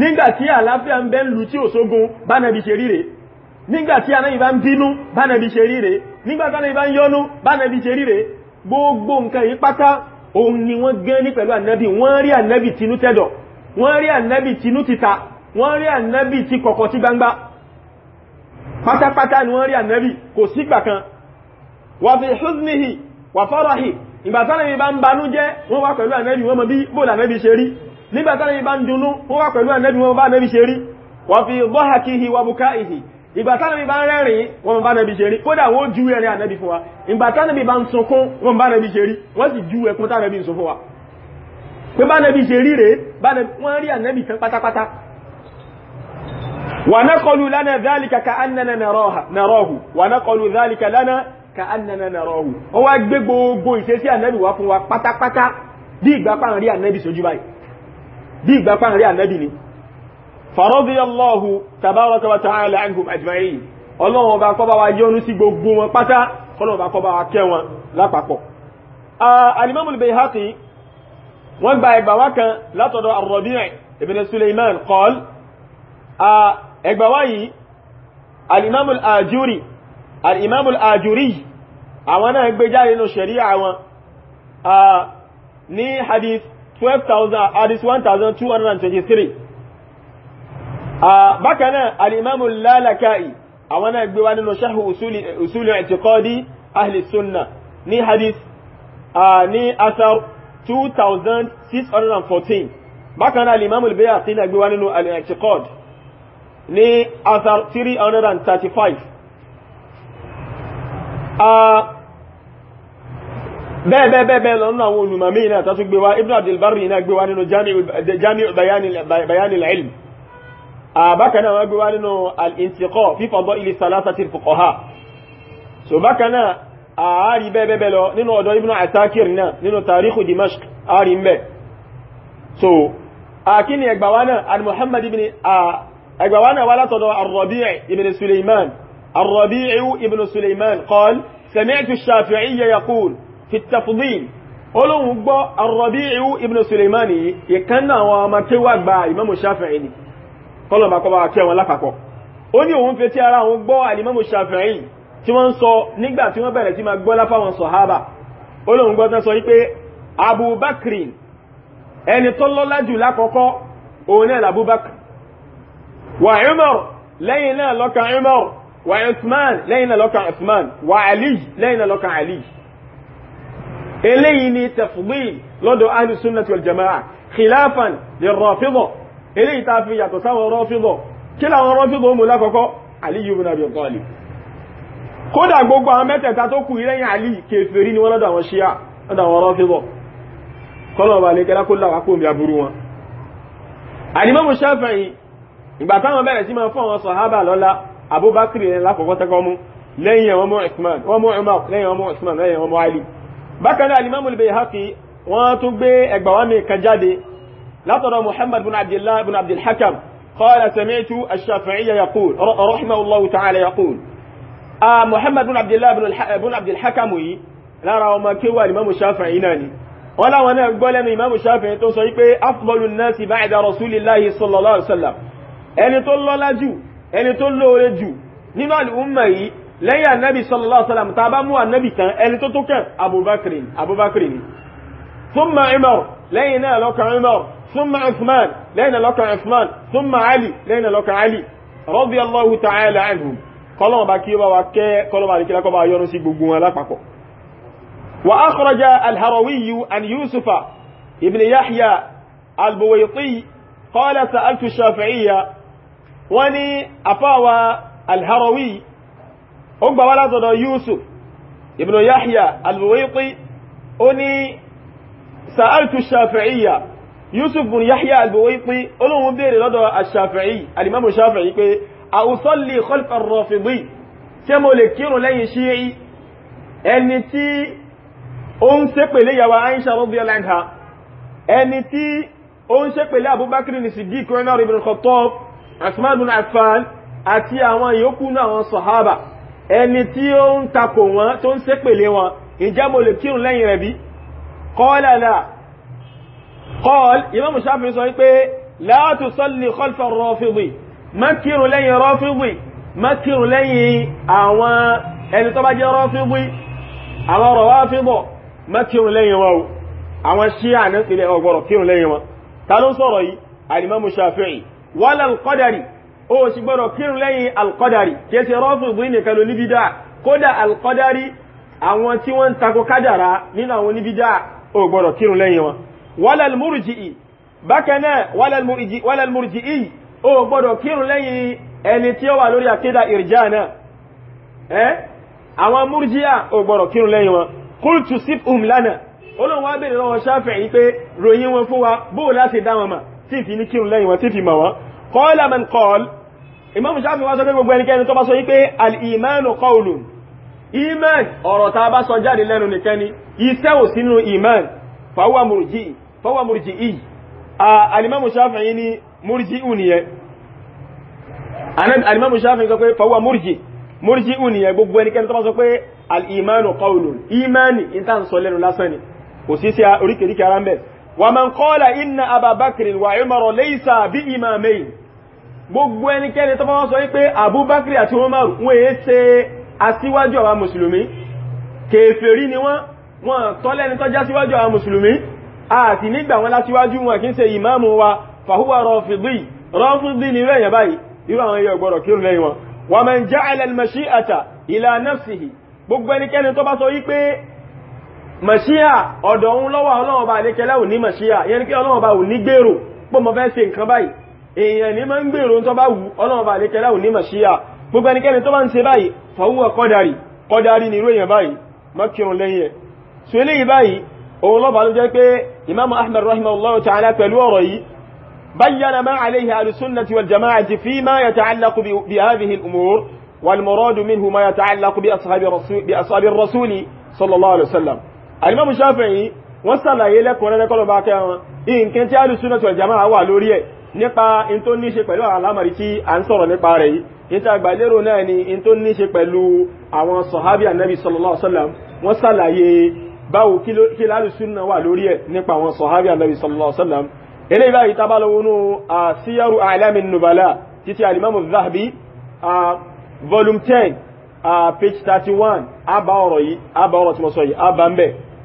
[SPEAKER 1] nígbà tí àlàáfíà ń bẹ ń lu tí òṣogun bánàbí ṣe ríre nígbà tí anáyìn bá ń bínú bánàbí ṣe ríre nígbà tí anáyìn bá ń yọnú bánàbí ṣe ríre gbogbo nǹkan yìí pátá òun ni wọ́n gẹ́ ní pẹ̀lú ànábì wọ́n rí ànábì tinú tẹ́dọ̀ wọ́n rí ànábì tinú títà rí ànábì ìgbàtánàbí bá ń banú jẹ́ wọ́n wá pẹ̀lú ànẹ́bí wọ́n mọ̀ bí bóòlù ànẹ́bí ṣe rí nígbàtánàbí bá ń dunú wọ́n wá pẹ̀lú ànẹ́bí wọ́n bá ànẹ́bí ṣe rí wà fi bọ́hàkìhì wà bùká ìhì ìgbàtánàbí bá ń rẹ́rìn wọ́n bá ànẹ́bí ṣe rí kódà wọ́n ju ẹ̀rẹ́ ànẹ́bí fún wa ìgbàtánàbí bá ń sunkún wọ́n bá ànẹ́bí ṣe rí wọ́n sì ju ẹkún tánàbí ń sun fún wa pé bá ànẹ́bí ṣe rí rèé wọ́n rí ànẹ́bí tán ka annana narahu ó wá gbé gbogbo ìṣesí ànábì wá fún wa pátápátá bí ìgbà pa ń rí ànábì sójú báyìí bí ìgbà pa ń rí ànábì ni faradiyallahu tabaraka wa ta'ala anhum ajma'in ọlọ́run ọba kó bá wa yọ́nú sí gbogbo wọn pátá ọlọ́run ọba kó bá wa kẹ́ wọn lápapọ̀ al-imam al-bayhaqi wọ́n gba ẹgbà wá látọ̀dọ̀ ar-rabi' ibn suleiman qala ẹgbà wá yìí al al-imam al-ajuri àwọn náà gbé jáde nínú sharia wọn ní hadith 12,000 hadith 1223 bákan náà al-imam al-lalaka'i àwọn náà gbé wá nínú sharh usuli i'tiqadi ahli sunna ní hadith ní asar 2614 bákan náà al-imam al-bayhaqi náà gbé wá nínú al asar 335 bẹ́ẹ̀bẹ́ẹ̀bẹ́ẹ̀ lọ nínú àwọn olùmọ̀mí iná tó tún gbéwá Ibn Abdul Barri iná gbéwá nínú Jami'u Bayanil Ilm bákanáà wọ́n gbéwá nínú al-Intiqa fi Fadaili Thalathatil Fuqaha so bákanáà ààrí bẹ́ẹ̀bẹ́ẹ̀ lọ nínú ọ̀dọ̀ Ibn Asakir náà nínú Tarikhu Dimashq ààrí mbẹ́ so akíni ẹgbàwá náà al-Muhammad ibn ẹgbàwá náà wá látọ̀dọ̀ ar-Rabi' ibn Sulaiman الربيع ابن سليمان قال سمعت الشافعي يقول في التفضيل olóhun gbọ́ arọ̀bí'íwú ibn suleiman yìí ìkánná àwọn ọmọ tí wà gba imamu shafi'i ni kọlọ̀mà kọba kí wọn lápapọ̀ ó ní òun fẹ́ tí ara òun gbọ́ alimamu shafi'i tí wọ́n sọ nígbà tí wọ́n bẹ̀rẹ̀ tí ma gbọ́ láfáwọn sọ̀hábà olóhun gbọ́ tán sọ wípé abubakri ẹni tó lọ́lá jù lákọ́kọ́ òun náà labubakri wà umar lẹ́yìn náà lọ́kàn umar wa Usman lẹ́yìn náà lọ́kàn Usman wa Ali lẹ́yìn náà lọ́kàn Ali eléyìí ni tafdil lọ́dọ̀ ahlu sunnati wal jamaa khilafan lirrafida eléyìí tá fi yàtọ̀ sáwọn rafida kí làwọn rafida mú lákọ̀ọ́kọ́ Ali ibn Abi Talib kódà gbogbo àwọn mẹ́tẹ̀ẹ̀ta tó kù lẹ́yìn Ali kèfèrí ni wọ́n lọ́dọ̀ àwọn ṣíyà abubakar yẹn lákọ̀ọ́kọ́ tẹ́kọ́ mú lẹ́yìn àwọn ọmọ Usman wọ́n mú Umar lẹ́yìn ọmọ Usman lẹ́yìn ọmọ Ali bákan náà Al-Imam al-Bayhaqi wọ́n tún gbé ẹgbàwá mi kan jáde látọ̀dọ̀ Muhammad bin Abdullah bin Abdul Hakam qala sami'tu ash-Shafi'i yaqul rahimahullahu ta'ala yaqul a Muhammad bin Abdullah bin Abdul Hakam yìí lára ọmọ kéwà Al-Imam Shafi'i náà ni wọ́n láwọn náà gbọ́ lẹ́nu Imam Shafi'i tó sọ wípé afdalun nasi ba'da rasulillahi sallallahu alaihi wasallam ẹni tó lọ́lá jù ẹni tó lóore jù nínú àlùmọ̀ yìí lẹ́yìn ànábì sallallahu alaihi wasallam tá bá mú ànábì kan ẹni tó tó kàn abubakrin abubakrin thumma imar lẹ́yìn náà lọ́kàn imar thumma uthman lẹ́yìn lọ́kàn uthman thumma ali lẹ́yìn lọ́kàn ali radiyallahu ta'ala anhum kọlọ́wọ́ bá kí ó bá wa kẹ́ kọlọ́wọ́ àríkílá kọ́ bá yọrún sí gbogbo wọn lápapọ̀. ibn yahya albuwaiti qala sa'altu shafi'iyya wọ́n ní àfáwà alharawi ó gbà wá látọ̀dọ̀ yusuf ibn yahya albuwaiti ó ní sa'altu shafi'iyya yusuf ibn yahya albuwaiti olóhun bèèrè lọ́dọ̀ ashafi'i alimamu shafi'i pé a usalli khalfa rafidi ṣé mo lè kírun lẹ́yìn shi'i ẹni tí ó ń ṣépè lé yàwó aisha radiyallahu ẹni tí ó ń ṣépè lé abubakar ní siddiq umar ibn khattab Usman bin Affan àti àwọn yòókù náà àwọn sọ̀hábà ẹni tí ó ń takò wọn tó ń sépèlé wọn ǹjẹ́ mo lè kírun lẹ́yìn rẹ̀ bí? qala la qala Imam Shafi'i sọ wípé la tusalli khalfa ar-rafidi má kírun lẹ́yìn rafidi má kírun lẹ́yìn àwọn ẹni tó bá jẹ́ rafidi wala alqadari ó sì gbọ́dọ̀ kírun lẹ́yìn alqadari kìí ṣe rọ́fù bíi nìkan ló níbi dáa kódà alqadari àwọn tí wọ́n ń tako kádàrá nínú àwọn níbi dáa ó gbọ́dọ̀ kírun lẹ́yìn wọn wala almurji'i bákan náà wala almurji'i ó gbọ́dọ̀ kírun lẹ́yìn ẹni tí ó wà lórí tí fi ní kírun lẹ́yìn wọn tí fi mọ̀ wọn qala man qala imam shafi wá sọ pé gbogbo ẹnikẹ́ni tó bá sọ yí pé al-imanu qawlun iman ọ̀rọ̀ tá a bá sọ jáde lẹ́nu nìkan ni iṣẹ́ ò sínú iman fahuwa murji fahuwa murji'i alimamu shafi ni murji murji'u ومن قال إن أبا بكر وعمر ليس بإمامين gbogbo ẹnikẹ́ni tó fọ́wọ́ sọ wípé abúbákìrì àti Umar wọ́n èé ṣe asíwájú àwọn mùsùlùmí kèfèrí ni wọ́n wọ́n tọ́lẹ́ni tó já síwájú àwọn mùsùlùmí àti nígbà wọn lásíwájú wọn kí ń ṣe ìmáàmù wa fàhúwà rọ̀fìdì màṣíà ọ̀dọ̀ òun lọ́wọ́ ọlọ́wọ́ bá lékẹ́lá ò ní màṣíà yẹn ni pé ọlọ́wọ́ bá ò ní gbèrò pé mo fẹ́ ṣe nǹkan báyìí èèyàn ní máa ń gbèrò tó bá wù ọlọ́wọ́ bá lékẹ́lá ò ní màṣíà gbogbo ẹnikẹ́ni tó bá ń ṣe báyìí fọwọ́ kọ́dàrí kọ́dàrí ni irú èèyàn báyìí mọ́kìrún lẹ́yìn ẹ̀ so eléyìí báyìí òun lọ́ba ló jẹ́ pé imam ahmed rahimahullah ta'ala pẹ̀lú ọ̀rọ̀ yìí bayyana ma alayhi alimamu Shafi'i wọ́n sàlàyé lẹ́kùnrẹ́rẹ́ kọ́lọ̀ bá kẹ́ wọn nǹkan tí alùsúnà tí ọ̀jàmá wà lórí ẹ̀ nípa in tó ní ṣe pẹ̀lú àlámàrí tí a ń sọ̀rọ̀ nípa rẹ̀ yìí níta sallallahu alaihi wasallam wọ́n sàlàyé báwo kí lálùsúnà wà lórí ẹ̀ nípa àwọn sọ̀hábí ànábì sallallahu alaihi wasallam eléyìí báyìí tá bá lọ wọnú Nubala títí alimamu Dhahabi volume 10 page 31 àbá ọ̀rọ̀ yìí àbá ọ̀rọ̀ tí mo sọ yìí àbá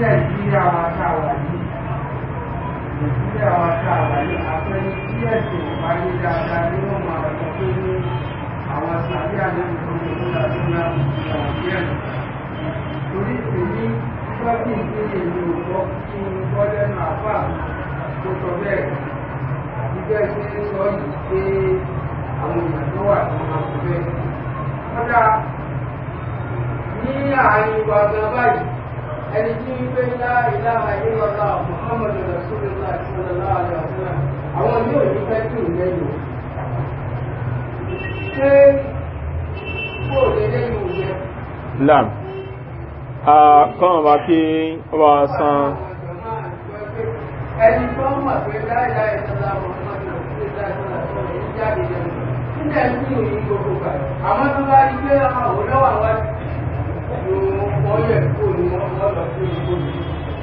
[SPEAKER 2] nàìjíríà wa tá a nàìjíríà
[SPEAKER 3] wa tá a àpẹẹrẹ tí ẹ̀sìn ìparí dáadáa ní wọ́n máa wà sọ pé ní àwọn sàbí àdéhùn tó ń lò láti ní àwọn tó sọ tó wà tó máa ní àárín wa báyìí ẹni tí ń gbé láìlá àìlọ́lá muhammadu rasulullah sallallahu alaihi wasallam àwọn yóò ní fẹ́ kí n lẹ́yìn
[SPEAKER 2] ṣé kó lè lẹ́yìn òjẹ́.
[SPEAKER 1] lam kọ́nà bá kí ọba san.
[SPEAKER 3] ẹni tó mọ̀ pé láìlá àìlọ́lá muhammadu rasulullah sallallahu alaihi wasallam ń jáde lẹ́nu nígbà tí òyìnbó kò kà àmọ́ tó bá rí pé àwọn òlọ́wà wá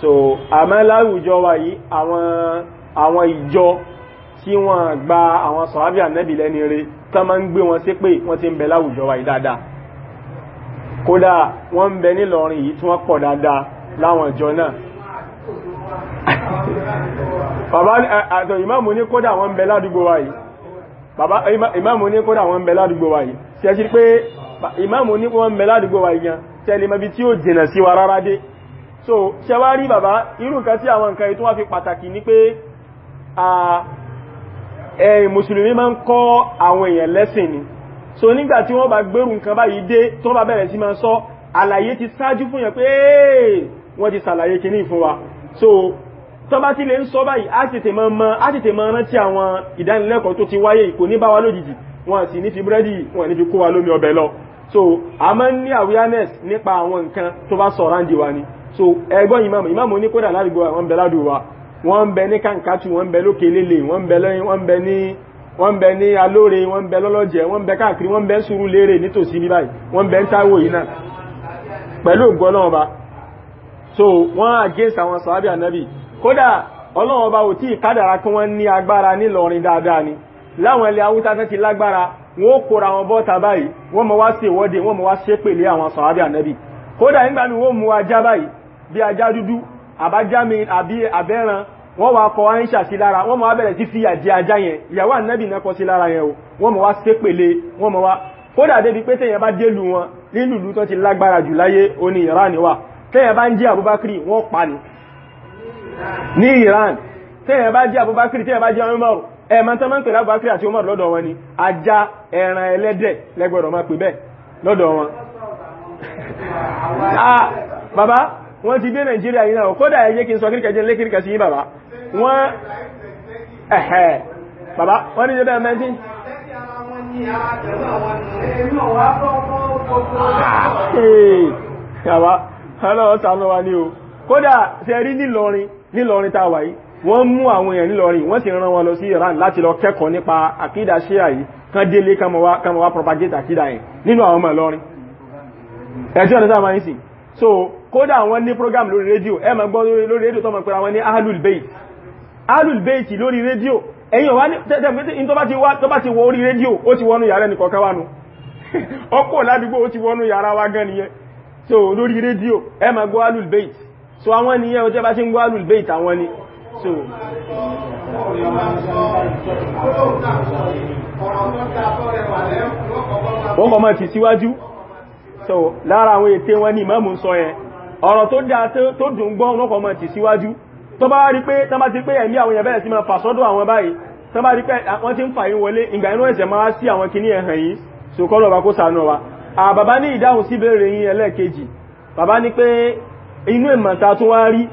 [SPEAKER 1] so àmọ́ láwùjọ wa yìí àwọn àwọn ìjọ tí wọ́n gba àwọn sọ̀hábí ànẹ́bì lẹ́ni rẹ̀ tán máa ń gbé wọn sí pé wọ́n ti ń bẹ láwùjọ wa yìí dáadáa kódà wọ́n ń bẹ nílọrin yìí tí wọ́n pọ̀ dáadáa láwọn ìjọ náà
[SPEAKER 2] bàbá
[SPEAKER 1] àtọ̀ ìmáàmù ní kódà wọ́n ń bẹ ládùúgbò wa yìí bàbá ìmáàmù ní kódà wọ́n ń bẹ ládùúgbò wa yìí ṣe sí pé ìmáàmù ní wọ́n ń bẹ ládùúgbò wa yìí yan tẹ́lẹ̀ mẹ́bí tí ó jìnà sí wa rárá dé so ṣe wá rí bàbá irú nǹkan tí àwọn nǹkan ètò wá fi pàtàkì ní pé ẹ̀ mùsùlùmí máa ń kọ́ àwọn èèyàn lẹ́sìn ni so nígbà tí wọ́n bá gbérù nǹkan báyìí dé tó bá bẹ̀rẹ̀ sí máa sọ àlàyé ti ṣáájú fún yẹn pé wọ́n ti ṣàlàyé kìíní fún wa so tó bá ti lè ń sọ báyìí á tètè máa mọ á tètè máa rántí àwọn ìdánilẹ́kọ̀ọ́ tó ti wáyé ìkò ní bá wa lójijì wọn sì ní fi búrẹ́dì wọn ní fi kó wa lómi ọbẹ̀ lọ so a ní awareness nípa àwọn nǹkan tó bá sọ̀rọ̀ àǹdí wa ni so ẹgbọ́n ìmáàmù ìmáàmù oníkódà ládùúgbò àwọn ń bẹ ládùúgbò wa wọ́n ń bẹ ní kàǹkàtù wọ́n ń bẹ lókè lélẹ̀ wọ́n ń bẹ lẹ́yìn wọ́n ń bẹ ní wọ́n wọ́n bẹ lọ́lọ́jẹ́ wọ́n bẹ káàkiri wọ́n bẹ ń léèrè nítòsí ní báyìí wọ́n bẹ ń táwò so wọ́n against àwọn sàábì ànábì kódà ọlọ́run ọba ò tí ì kádàrá kí wọ́n ní agbára nílọrin dáadáa ni láwọn ilẹ̀ haúsá wọ́n kóra wọn bọ́ta báyìí wọ́n mọ̀ wá sí ìwọ́de wọ́n mọ̀ wá sí pèlé àwọn sọ̀hábí ànẹ́bí kódà nígbà mi wọ́n mú ajá báyìí bí ajá dúdú àbájámi àbí abẹ́ran wọ́n wá kọ àìṣà sí lára wọ́n mọ̀ wá bẹ̀rẹ̀ sí fi àjẹ ajá yẹn ìyàwó ànẹ́bí náà sí lára yẹn o wọ́n mọ̀ wá sí pèlé wọ́n mọ̀ wá kódà débi pé téèyàn bá délu wọn nílùú tó ti lágbára jù láyé oní Iran wà téèyàn bá ń jẹ́ Abubakar wọ́n pa ni ní Iran téèyàn bá jẹ́ Abubakar téèyàn bá jẹ́ Umar ẹ̀mọ́ tán máa ń pè lábàákìrì àti Umar lọ́dọ̀ wọn ni ajá ẹran ẹlẹ́dẹ̀ lẹ́gbọ̀dọ̀ máa pè bẹ́ẹ̀ lọ́dọ̀ wọn
[SPEAKER 2] ah, bàbá
[SPEAKER 1] wọ́n ti dé Nàìjíríà yìí náà kódà ẹjẹ́ kí n sọ kíríkà jẹ́ lékíríkà sí yí bàbá wọ́n ẹ̀hẹ́ bàbá wọ́n ní jẹ́dá mẹ́tí ah, wọ́n mú àwọn èèyàn nílọrin wọ́n sì rán wọn lọ sí Iran láti lọ kẹ́kọ̀ọ́ nípa àkídà ṣíà yìí kán délé kánmọ̀ propagate àkídà yẹn nínú àwọn ọmọ Ìlọrin ẹ̀tí ọ̀nà sáà máa ń so kódà wọ́n ní program lórí rédíò ẹ ma gbọ́ lórí rédíò tó máa àwọn ní Ahlul Bayt Ahlul lórí rédíò ẹ̀yìn wá ní tẹ́tẹ́ ti rédíò ó ti wọnú yàrá ẹnìkan ká wa gan nìyẹn so lórí ti ń so. wọ́n kọ̀ mọ́ ti síwájú so lára àwọn ète wọn ní ìmáàmù sọ yẹn ọ̀rọ̀ tó dáa tó dùn gbọ́n wọ́n kọ̀ mọ́ ti síwájú tó bá rí pé tán bá ti pé ẹ̀mí àwọn èèyàn sí máa fàsọ́dọ̀ àwọn báyìí tán bá rí pé wọ́n ti ń fà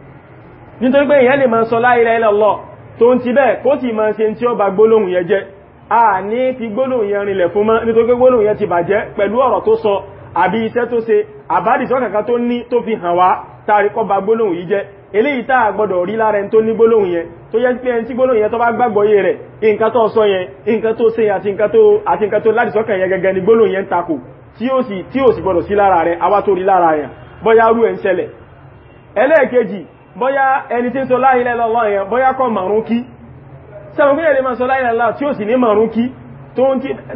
[SPEAKER 1] nítorí pé èèyàn lè máa sọ la ilaha illallah tó ń ti bẹ́ẹ̀ kó sì máa ṣe tí ó bà gbólóhùn yẹn jẹ́ a ní fi gbólóhùn yẹn rinlẹ̀ fún mọ́ nítorí pé gbólóhùn yẹn ti bàjẹ́ pẹ̀lú ọ̀rọ̀ tó sọ àbí iṣẹ́ tó ṣe àbádìsọ́ kankan tó ní tó fi hàn wá tàrí kọ́ bà gbólóhùn yìí jẹ́ eléyìí tá a gbọ́dọ̀ rí lára ẹni tó ní gbólóhùn yẹn tó yẹ pé ẹni tí gbólóhùn yẹn tó bá ẹlẹ́ẹ̀kejì bóyá ẹni tí ń sọ la ilaha illallah yẹn bóyá kò márùn kí sẹ́wọ̀n kí ẹ̀lẹ́ máa sọ la ilaha illallah tí ó sì ní márùn kí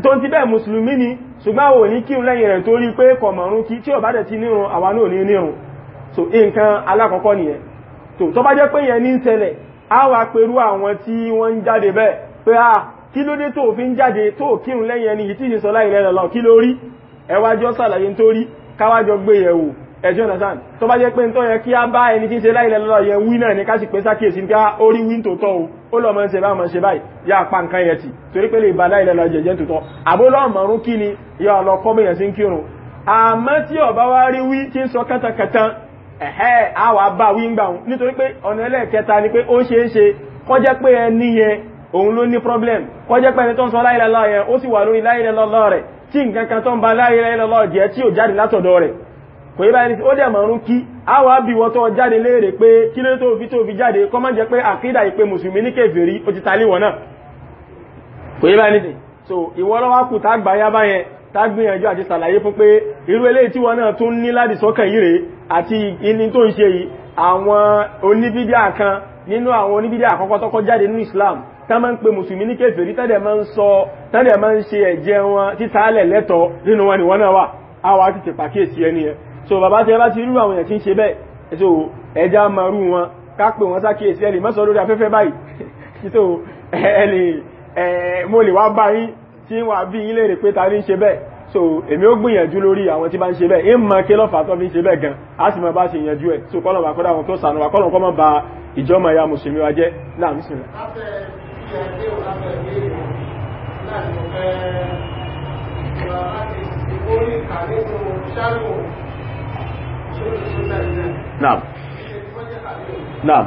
[SPEAKER 1] tó ń ti bẹ́ẹ̀ mùsùlùmí ni ṣùgbọ́n àwọn òní kírun lẹ́yìn rẹ̀ torí pé kò márùn kí tí ó bá dẹ̀ ti nírun àwa náà ní nírun so nǹkan alákọ̀ọ́kọ́ nìyẹn so tó bá jẹ́ pé yẹn ní ń ṣẹlẹ̀ á wá pẹ̀lú àwọn tí wọ́n ń a kí ló dé tó fi ń jáde tó kírun lẹ́yìn ẹni yìí tí ì sọ la ilaha illallah kí ló rí ẹwájọ́ sàlàyé nítorí káwájọ ẹjọ́ ọ̀nàsán tó bá jẹ́ pé tó yẹ kí a bá ẹni tí ń ṣe láìlẹ̀ lọ́lọ́ yẹ wí náà ní káàsì pé sákèsí ní ká ah, orí wí tòótọ́ o ó lọ mọ́ ṣe bá mọ́ ṣe báyìí yá pa nǹkan yẹ ti torí pé lè bá láìlẹ̀ lọ jẹ̀jẹ́ tòótọ́ àbólọ́mọ̀rún kí ni yọ lọ kọ́ bẹ̀yàn sí ń kírun àmọ́ tí ọba ni problem kọjẹ́ pé ẹni tó ń sọ láìlẹ́lọ́ yẹn ó sì wà lórí láìlẹ́lọ́lọ́ rẹ̀ tí nǹkan kan tó ń ba láìlẹ́lọ́lọ́ jẹ́ tí ò jáde látọ̀dọ̀ rẹ̀ kò yí báyìí ó dẹ̀ mọ̀rún kí a wà bí wọ́n tó jáde léèrè pé kí ló tó fi tó fi jáde kọ́ mọ́ jẹ́ pé àkídà ìpé mùsùlùmí ní kèfèrí ó ti talé wọ̀n náà kò yí báyìí so ìwọ lọ́wọ́ kù tá gbà yá báyẹn tá gbìyànjú àti sàlàyé fún pé irú eléyìí tí wọ́n náà tún ní láti sọ́kàn yìí rèé àti ìní tó ń ṣe yìí àwọn oníbídíà kan nínú àwọn oníbídíà àkọ́kọ́ tọ́kọ́ jáde nínú Islam tán máa ń pe mùsùlùmí ní kèfèrí tẹ́lẹ̀ máa ń sọ tẹ́lẹ̀ máa ń ṣe ẹ̀jẹ̀ wọn títàálẹ̀ lẹ́tọ̀ọ́ nínú wọn ni wọ́n náà wà á wà á ti ẹni yẹn so bàbá tẹ bá ti rú àwọn èèyàn tí ń ṣe bẹ́ẹ̀ so ẹja máa rú wọn ká pè wọ́n sákèésí ẹ̀lì mọ́sọ̀ lórí afẹ́fẹ́ báyìí so ẹ̀lì mo lè wá bá yín tí wà bí ilé rè pé ta ní ṣe bẹ́ẹ̀ so èmi ó gbìyànjú lórí àwọn tí bá ń ṣe bẹ́ẹ̀ ń mọ kí lọ́fà tó fi ń ṣe bẹ́ẹ̀ gan a sì mọ bá ṣe yanjú ẹ̀ so kọ́lọ̀ àkọ́dá àwọn tó sànù wa kọ́lọ̀ kọ́mọ ba ìjọmọ̀ ya mùsùlùmí wa jẹ́ náà mí sìn láti Naam. Naam.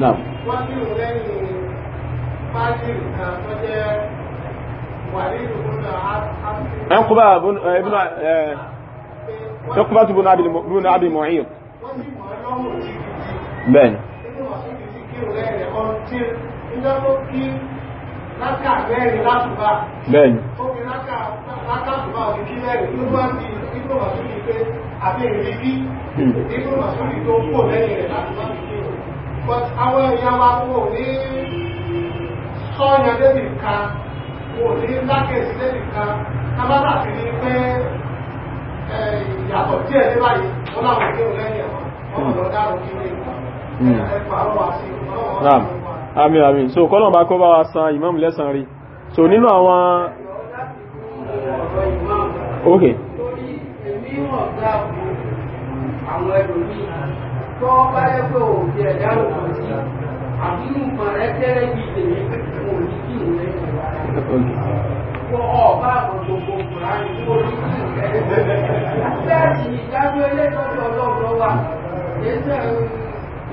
[SPEAKER 1] Naam. عقبة بن ابن عقبة بن عبد بن عبد المعيط بين
[SPEAKER 2] láká mẹ́rin látùbá bẹ́ẹ̀ni ó fi láká látùbá òbí kí lẹ́rin tó bá ti nígbò màsúlì pé àti ìrírí kí hmm. nígbò màsúlì tó kò lẹ́yìn rẹ̀ látùbá ti kí o but àwọn èèyàn wa kò ní sọ́yàn lébì kan kò ní lákèsí lébì kan tábàbà fi ní pé ìyàtọ̀ díẹ̀ ní báyìí wọ́n láwọn ìgbéhùn lẹ́yìn ẹ̀wọ̀n wọ́n lọ dárò kí ní ẹ̀kọ́ àwọn àti ọlọ́wọ́
[SPEAKER 1] àmín àmín so kọ́lọ̀n bá kọ́ bá wa san imam lẹ́san rí so nínú àwọn
[SPEAKER 3] ok Okay ọba gbogbo kùránì àti ìdájọ́ ilé tọ́jú ọlọ́run àti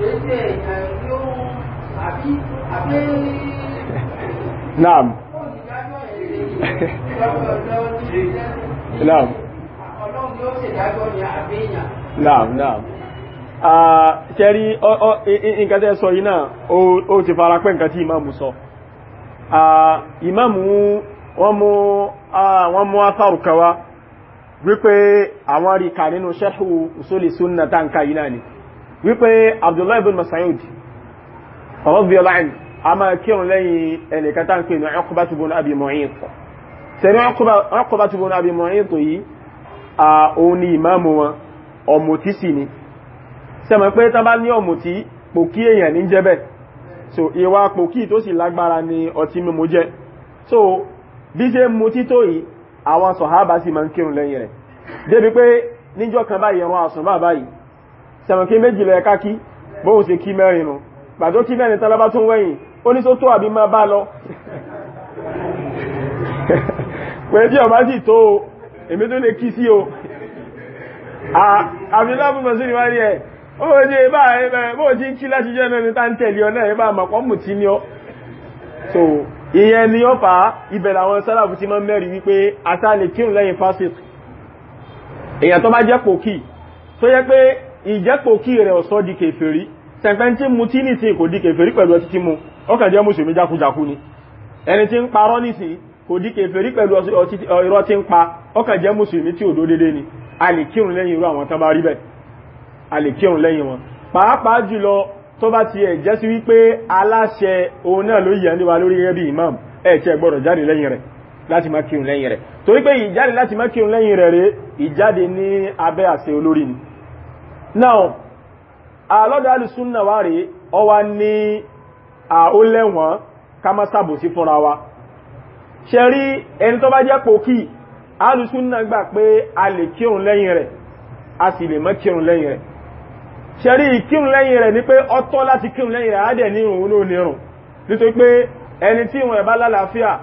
[SPEAKER 3] ẹ̀sẹ̀ Naam.
[SPEAKER 1] Naam. Naam, ah, naam. Ṣẹ́rí nǹkan tẹ́ sọ yìí náà, ó ti fara pẹ́ nǹkan tí sọ. Ah, ìmáàmù wọ́n mú a ah, wípé àwọn rí kà nínú ṣẹ́hù usuli sunna táǹkà yìí náà ni. Wípé Abdullahi ibn Masayud radiyallahu anhu a máa kírun lẹ́yìn ẹnìkan tá ń pè ní Uqbatu bun Abi Mu'ayt sẹ́ni Uqbatu bun Abi Mu'ayt yìí a òun ni ìmáàmù wọn ọ̀mùtí sì ni sẹ́mọ̀ pé tán bá ní ọ̀mùtí pòkí èèyàn ní jẹ́bẹ̀ so ìwà pòkí tó sì lágbára ni ọtí mímu jẹ́ so bí ṣe mú tító yìí àwọn sọ̀hábà sì máa ń kírun lẹ́yìn rẹ̀ débi pé níjọ́ kan báyìí ẹran àsùnbà báyìí sẹ́mọ̀ kí méjìlẹ̀ kákí bóhùn ṣe kí mẹ́rin gbàtó kí mẹ́rin tán lábá tún wẹ́yìn ó ní tó tó àbí máa bá lọ pẹ̀lú tí ọba sì tó o èmi tó lè kí sí o àbí lábùn mọ̀ sí ni wáyé ẹ̀ ó jẹ́ ibá ẹ̀bẹ̀ bó ti ń kí láti jẹ́ ẹni tá ń tẹ̀lé ọ náà ibá àmàpọ̀ mù tí ní ọ so ìyẹn ni ó fà á ibẹ̀ làwọn sálàbù ti máa mẹ́rin wípé asá lè kírun lẹ́yìn fásitì èèyàn tó bá jẹ́ pòkì tó yẹ pé ìjẹ́pòkì rẹ̀ ọ̀sọ́ di kèfèrí sẹ̀pẹ́ tí mu tí nìsín kò di kèfèrí pẹ̀lú ọtí tí mu ó kàn jẹ́ mùsùlùmí jákujàku ni ẹni tí ń parọ́ nìsín kò di kèfèrí pẹ̀lú irọ́ tí ń pa ó kàn jẹ́ mùsùlùmí tí òdó dédé ni a lẹ́yìn wọn pàápàá jùlọ tó bá ti ẹ̀ sí wípé aláṣẹ imam ẹ̀ tí ẹ gbọ́dọ̀ jáde lẹ́yìn rẹ̀ láti má kírun lẹ́yìn rẹ̀ now àlọ́dọ̀ ah, alùsúnnà wà rí ọwá ní àólẹ́wọ̀n kámásàbò sí fúnra wa ṣe rí ẹni tó bá jẹ́ pòkí alùsúnnà gbà pé a lè kírun lẹ́yìn rẹ̀ a sì lè má kírun lẹ́yìn rẹ̀ ṣe rí ìkírun lẹ́yìn rẹ̀ ní pé ọtọ́ láti kírun lẹ́yìn rẹ̀ á dẹ̀ ní ìrùn olóòlérùn nítorí pé ẹni tí ìrùn ẹ̀ bá lálàáfíà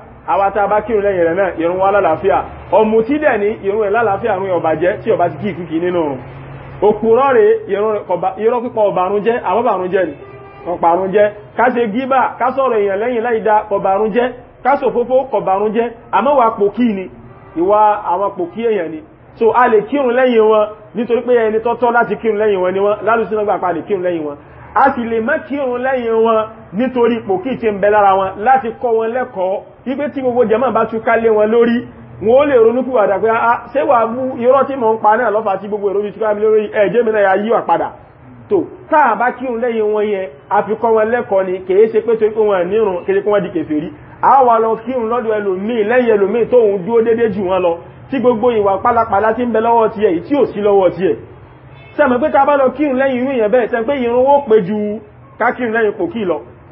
[SPEAKER 1] òpùrọ́ rẹ̀ irọ́ pípọ̀ ọ̀bàrún jẹ́ àwọ́bàrún jẹ́ ni ọ̀pàrún jẹ́ ká ṣe gíbà ká sọ̀rọ̀ èèyàn lẹ́yìn láìda ọ̀bàrún jẹ́ ká ṣòfófó ọ̀bàrún jẹ́ àmọ́wà pòkí ni ìwà àwọn pòkí èèyàn ni so a lè kírun lẹ́yìn wọn nítorí pé ẹni tọ́tọ́ láti kírun lẹ́yìn wọn ni wọ́n lálùsí náà gbàpá lè kírun lẹ́yìn wọn a sì lè má kírun lẹ́yìn wọn nítorí pòkí ti ń bẹ lára wọn láti kọ́ wọn lẹ́kọ̀ọ́ wípé tí gbogbo jẹ́mọ̀ bá túká lé wọn lórí wọ́n lè ronú kú àdá pé a ah, ṣe wà bú irọ́ tí mọ̀ ń pa náà lọ́fà tí gbogbo èrò ìtìká mi lórí ẹ̀jẹ́ mi náà yíwà padà tó táà bá kírun lẹ́yìn wọn yẹn àfikọ́ wọn lẹ́kọ̀ọ́ ni kèé ṣe pé tó ikú wọn nírun kèé kí wọ́n di kèfèrí a wà lọ kírun lọ́dọ̀ ẹlòmíì lẹ́yìn ẹlòmíì tó ń dúó déédéé jù wọn lọ tí gbogbo ìwà pálapàla tí ń bẹ lọ́wọ́ tiẹ̀ tí ò sí lọ́wọ́ tiẹ̀ sẹ́mi pé tá a bá lọ kírun lẹ́yìn irú yẹn bẹ́ẹ̀ sẹ́mi pé ìrun ó pé ju ká kírun lẹ́yìn kò kí lọ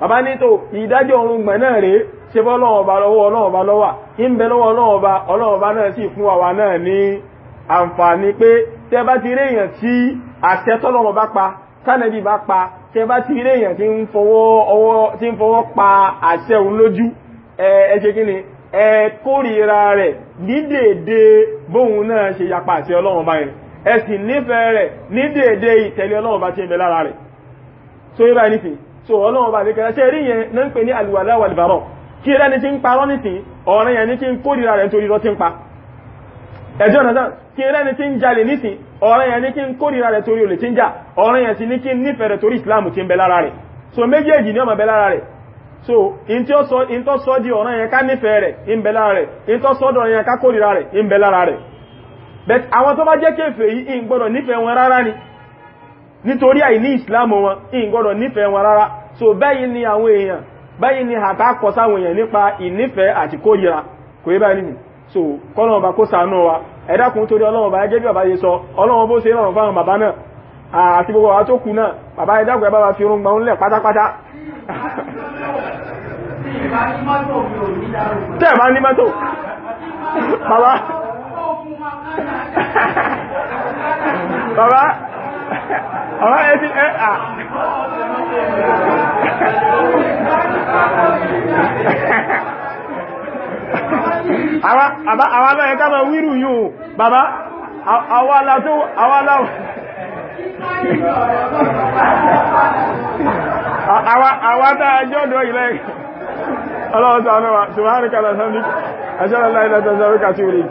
[SPEAKER 1] bàbá ní tó ìdájọ́ ọ̀run gbọ̀n náà rèé ṣe bọ́ ọlọ́run ọba lọ́wọ́ ọlọ́run ọba lọ́wà ń bẹ lọ́wọ́ ọlọ́run ọba ọlọ́run ọba náà sì fún àwa náà ní àǹfààní pé tẹ́ bá ti réèyàn tí àṣẹ tọ́lọ́run bá pa tánàbí bá pa tẹ́ bá ti réèyàn tí ń fọwọ́ pa àṣẹ òun lójú ẹ ṣe kí ni ẹ kórìíra rẹ̀ ní déédé bóun náà ṣe yapa àṣẹ ọlọ́run yẹn ẹ sì nífẹ̀ẹ́ rẹ̀ ní ìtẹ̀lé ọlọ́run ọba ń bẹ lára rẹ̀ so yóò báyìí so ọlọ́run bá lékẹ́lá ṣe rí yẹn náà ń pè ní alwala wal bara kí ẹlẹ́ni tí ń parọ́ nìsín ọ̀rọ̀ yẹn ní kí ń kórìíra rẹ̀ nítorí rọ́ tí ń pa ẹjọ́ nàdá kí ẹlẹ́ni tí ń jalè nìsín ọ̀rọ̀ yẹn ní kí ń kórìíra rẹ̀ torí olè tí ń jà ọ̀rọ̀ yẹn sì ní kí so méjèèjì ni ó so in tí ó sọ in tó sọ di ọ̀rọ̀ yẹn ká nífẹ̀ẹ́ rẹ̀ ń bẹ lára rẹ̀ in tó sọ dọ̀rọ̀ yẹn ni nítorí àìní ìsìláàmù wọn ìgbọ́dọ̀ nífẹ̀ẹ́ wọn rárá so bẹ́yìí ni àwọn èèyàn bẹ́yìí ni àtà kọ sáwọn èèyàn nípa ìnífẹ̀ẹ́ àti kórìíra kò yíbá nìyí so kọ́nà ọba kó sànú wa ẹ̀dákun torí ọlọ́run ọba sọ bàbá ọ̀rọ̀ ẹbí ẹ́ à àwọn alọ́yẹ ká máa wírù yóò bàbá àwọn alátó àwọn aláwọ̀ àwọn atájọ́dọ̀ ilẹ̀ ọlọ́ọ̀ta ọ̀nà wa ṣùgbọ́n àríkà lọ́sán ní
[SPEAKER 2] àṣẹ́lẹ̀ láìlẹ́ta sọ́ríkà tí ó rí